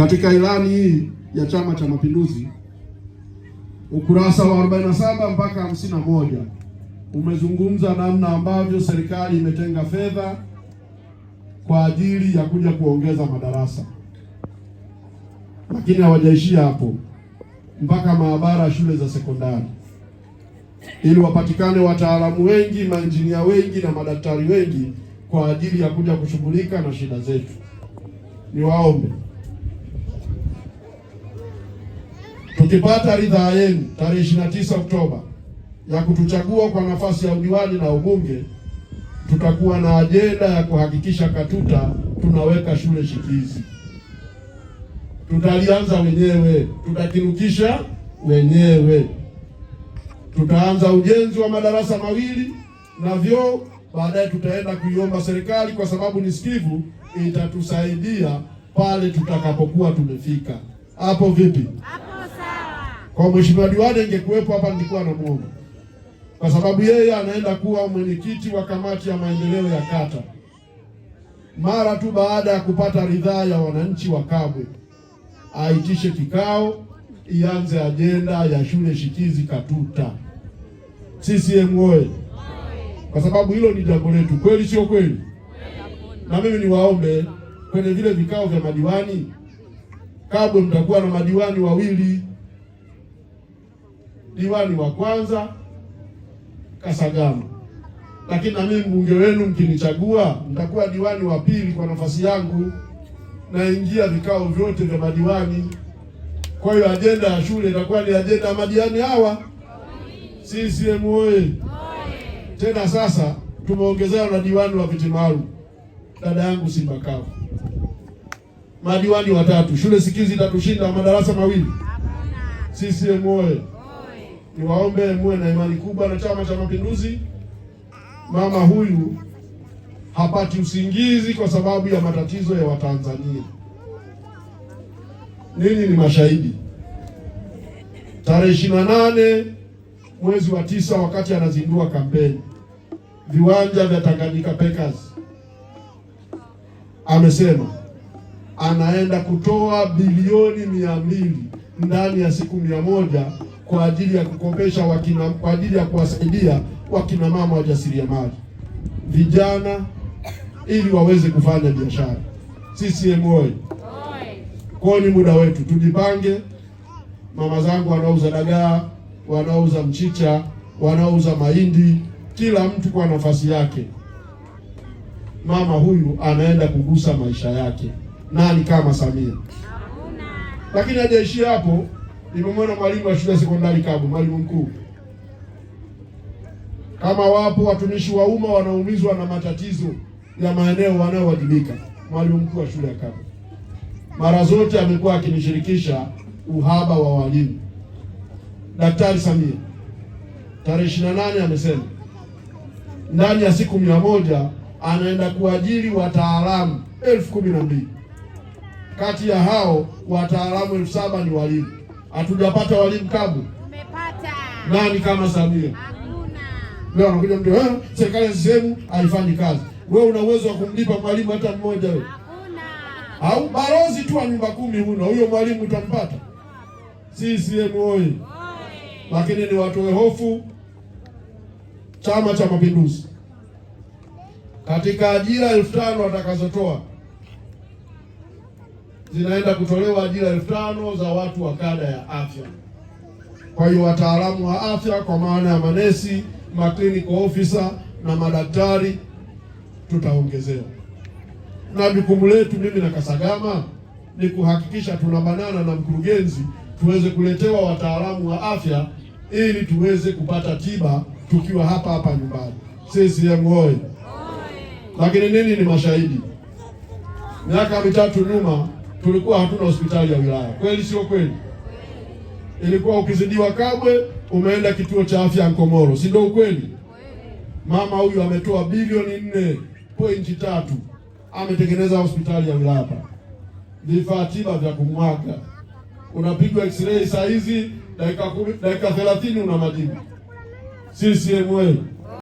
Katika ilani hii ya Chama cha Mapinduzi ukurasa wa 47 mpaka 51 umezungumza namna ambavyo serikali imetenga fedha kwa ajili ya kuja kuongeza madarasa, lakini hawajaishia hapo, mpaka maabara shule za sekondari, ili wapatikane wataalamu wengi, maenjinia wengi na madaktari wengi kwa ajili ya kuja kushughulika na shida zetu. Niwaombe mkipata ridhaa yenu tarehe 29 Oktoba ya kutuchagua kwa nafasi ya udiwani na ubunge, tutakuwa na ajenda ya kuhakikisha Katuta tunaweka shule shikizi. Tutalianza wenyewe, tutakirukisha wenyewe. Tutaanza ujenzi wa madarasa mawili na vyoo, baadaye tutaenda kuiomba serikali, kwa sababu ni sikivu, itatusaidia pale tutakapokuwa tumefika. Hapo vipi? Kwa mheshimiwa diwani ingekuwepo hapa nilikuwa na mwongo kwa sababu yeye anaenda kuwa mwenyekiti wa kamati ya maendeleo ya kata mara tu baada ya kupata ridhaa ya wananchi wa Kabwe, aitishe kikao, ianze ajenda ya shule shikizi Katuta. CCM oye! Kwa sababu hilo ni jambo letu, kweli sio kweli? Na mimi niwaombe kwenye vile vikao vya madiwani Kabwe, mtakuwa na madiwani wawili diwani wa kwanza Kasagama, lakini na mimi mbunge wenu mkinichagua, nitakuwa diwani wa pili kwa nafasi yangu. Naingia vikao vyote vya madiwani. Kwa hiyo ajenda ya shule itakuwa ni ajenda ya madiwani hawa. CCM oye Tena sasa tumeongezewa na diwani wa viti maalum, dada yangu Simba Kavu, madiwani watatu. Shule sikizi itatushinda madarasa mawili. CCM oyee! niwaombe muwe na imani kubwa na Chama cha Mapinduzi. Mama huyu hapati usingizi kwa sababu ya matatizo ya Watanzania. Ninyi ni mashahidi, tarehe ishirini na nane mwezi wa tisa, wakati anazindua kampeni viwanja vya Tanganyika Packers, amesema anaenda kutoa bilioni mia mbili ndani ya siku mia moja kwa ajili ya kukopesha wakina, kwa ajili ya kuwasaidia wakina mama wajasiriamali vijana ili waweze kufanya biashara. CCM oyee! Kwa ni muda wetu tujipange. Mama zangu wanauza dagaa, wanauza mchicha, wanauza mahindi, kila mtu kwa nafasi yake. Mama huyu anaenda kugusa maisha yake, nani kama Samia? Lakini hajaishia hapo. Nimemwona mwalimu wa shule sekondari Kabu, mwalimu mkuu. Kama wapo watumishi wa umma wanaumizwa na matatizo ya maeneo wanayowajibika, mwalimu mkuu wa shule ya Kabu mara zote amekuwa akinishirikisha uhaba wa walimu. Daktari Samia tarehe ishirini na nane amesema ndani ya siku mia moja anaenda kuajiri wataalamu elfu kumi na mbili kati ya hao wataalamu elfu saba ni walimu. Hatujapata walimu kamwe. Tumepata. Nani kama Samia? Hakuna. Leo anakuja mtu, eh, serikali ya sehemu haifanyi kazi. Wewe una uwezo wa kumlipa mwalimu hata mmoja wewe? Hakuna. Au balozi tu wa nyumba kumi huna, huyo mwalimu utampata? CCM oye Lakini ni watoe hofu Chama cha Mapinduzi katika ajira elfu tano watakazotoa zinaenda kutolewa ajira elfu tano za watu wa kada ya afya. Kwa hiyo wataalamu wa afya kwa maana ya manesi, maclinical officer na madaktari tutaongezewa, na jukumu letu mimi na Kasagama ni kuhakikisha tunabanana na mkurugenzi tuweze kuletewa wataalamu wa afya ili tuweze kupata tiba tukiwa hapa hapa nyumbani. CCM oyee! Lakini nini, ni mashahidi, miaka mitatu nyuma tulikuwa hatuna hospitali ya wilaya. Kweli sio kweli? Ilikuwa ukizidiwa Kabwe umeenda kituo cha afya Nkomoro, si ndio? Ukweli. Mama huyu ametoa bilioni nne pointi tatu ametengeneza hospitali ya wilaya, vifaa tiba vya kumwaga, unapigwa x-ray saa hizi dakika kumi, dakika thelathini una majibu. CCM